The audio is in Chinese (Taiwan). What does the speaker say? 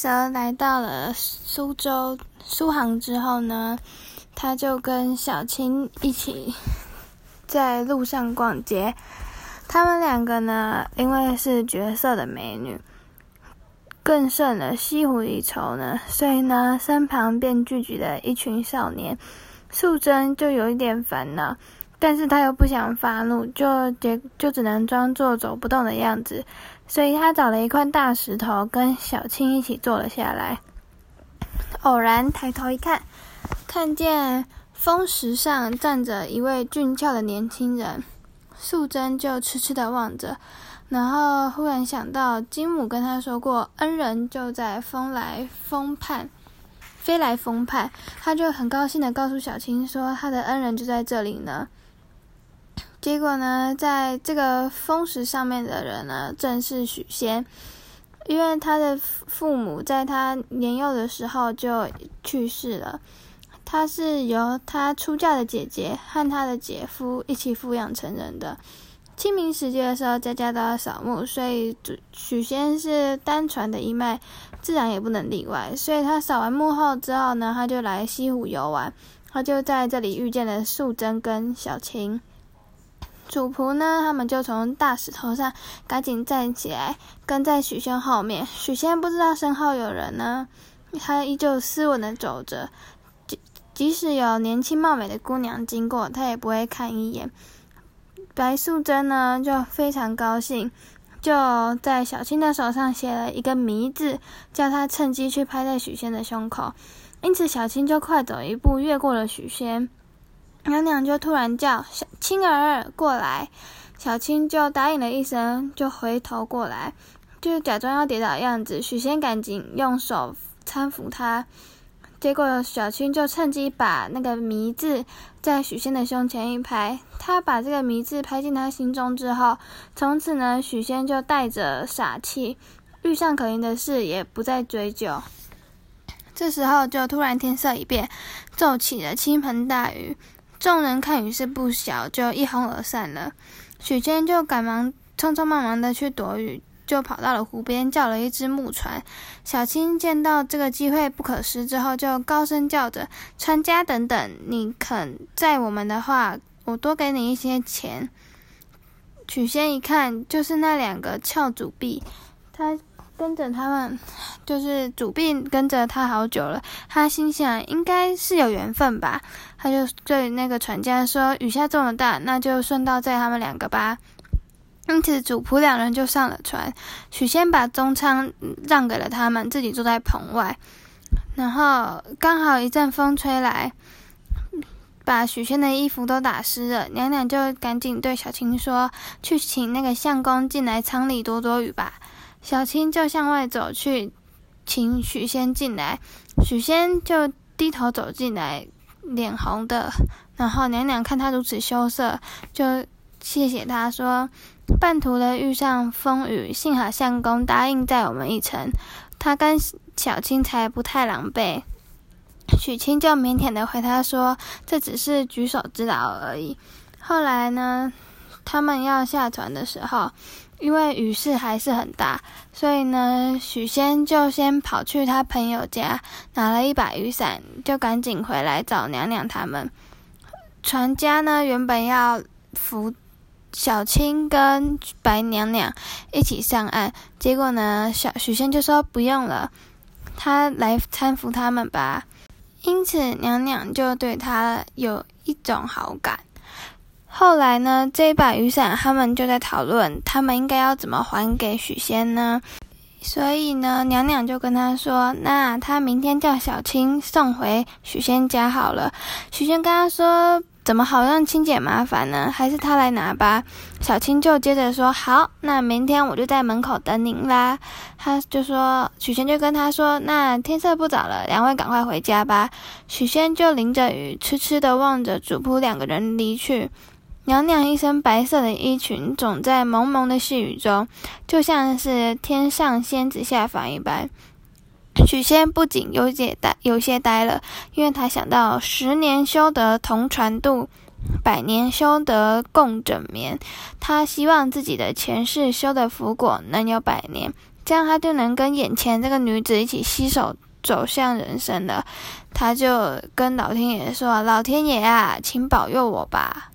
蛇來到了蘇州蘇杭之後呢，他就跟小青一起在路上逛街。他們兩個呢，因為是絕色的美女，更勝了西湖一籌呢，所以呢，身旁便聚集了一群少年。素貞就有一點煩惱。但是他又不想發怒，就結就只能裝作走不動的樣子，所以他找了一塊大石頭，跟小青一起坐了下來。偶然抬頭一看，看見峰石上站着一位俊俏的年輕人，素貞就痴痴的望着，然後忽然想到金母跟他說過，恩人就在峰來峰畔，飛來峰畔，他就很高興的告訴小青說，他的恩人就在這裡呢。結果呢，在這個風石上面的人呢，正是許仙，因為他的父母在他年幼的時候就去世了，他是由他出嫁的姐姐和他的姐夫一起撫養成人的。清明時節的時候，家家都要掃墓，所以許仙是單傳的一脈，自然也不能例外。所以他掃完墓後之後呢，他就來西湖遊玩，他就在這裡遇見了素貞跟小青。主僕呢，他們就從大石頭上趕緊站起來，跟在許仙後面。許仙不知道身後有人呢，他依舊斯文的走着，即即使有年輕貌美的姑娘經過，他也不會看一眼。白素貞呢，就非常高興，就在小青的手上寫了一個“迷”字，叫他趁機去拍在許仙的胸口。因此，小青就快走一步，越過了許仙。娘娘就突然叫小青兒過來，小青就答應了一聲，就回頭過來，就假裝要跌倒的樣子。許仙趕緊用手攙扶他，結果小青就趁機把那個迷字在許仙的胸前一拍。他把這個迷字拍進他心中之後，從此呢，許仙就帶着傻氣，遇上可疑的事也不再追究。這時候就突然天色一變，驟起了傾盆大雨。眾人看雨勢不小，就一哄而散了。許仙就趕忙匆匆忙忙的去躲雨，就跑到了湖邊，叫了一隻木船。小青見到這個機會不可失，之後就高聲叫着：“船家，等等，你肯載我們的話，我多給你一些錢。”許仙一看，就是那兩個俏主婢。他。跟着他們，就是主婢跟着他好久了。他心想，應該是有緣分吧。他就對那個船家說：“雨下這麼大，那就順道載他們兩個吧。”因此，主僕兩人就上了船。許仙把中艙讓給了他們，自己坐在棚外。然後剛好一陣風吹來，把許仙的衣服都打濕了。娘娘就趕緊對小青說：“去請那個相公進來艙裡躲躲雨吧。”小青就向外走去，請許仙進來。許仙就低頭走進來，臉紅的。然後娘娘看他如此羞澀，就謝謝他說：“半途的遇上風雨，幸好相公答應帶我們一程，他跟小青才不太狼狽。”許仙就靦腆的回答說：“這只是舉手之勞而已。”後來呢，他們要下船的時候。因為雨勢還是很大，所以呢，許仙就先跑去他朋友家拿了一把雨傘，就趕緊回來找娘娘他們。船家呢，原本要扶小青跟白娘娘一起上岸，結果呢，小許仙就說不用了，他來攙扶他們吧。因此，娘娘就對他有一種好感。後來呢，這把雨傘，他們就在討論，他們應該要怎麼還給許仙呢？所以呢，娘娘就跟他說：“那他明天叫小青送回許仙家好了。”許仙跟他說：“怎麼好讓青姐麻煩呢？還是他來拿吧。”小青就接着說：“好，那明天我就在門口等您啦。”他就說，許仙就跟他說：“那天色不早了，兩位趕快回家吧。”許仙就淋着雨，癡癡地望着主僕兩個人離去。娘娘一身白色的衣裙，總在蒙蒙的細雨中，就像是天上仙子下凡一般。許仙不僅有些呆，有些呆了，因為他想到“十年修得同船渡，百年修得共枕眠”。他希望自己的前世修的福果能有百年，這樣他就能跟眼前這個女子一起攜手走向人生了。他就跟老天爺說：“老天爺啊，請保佑我吧。”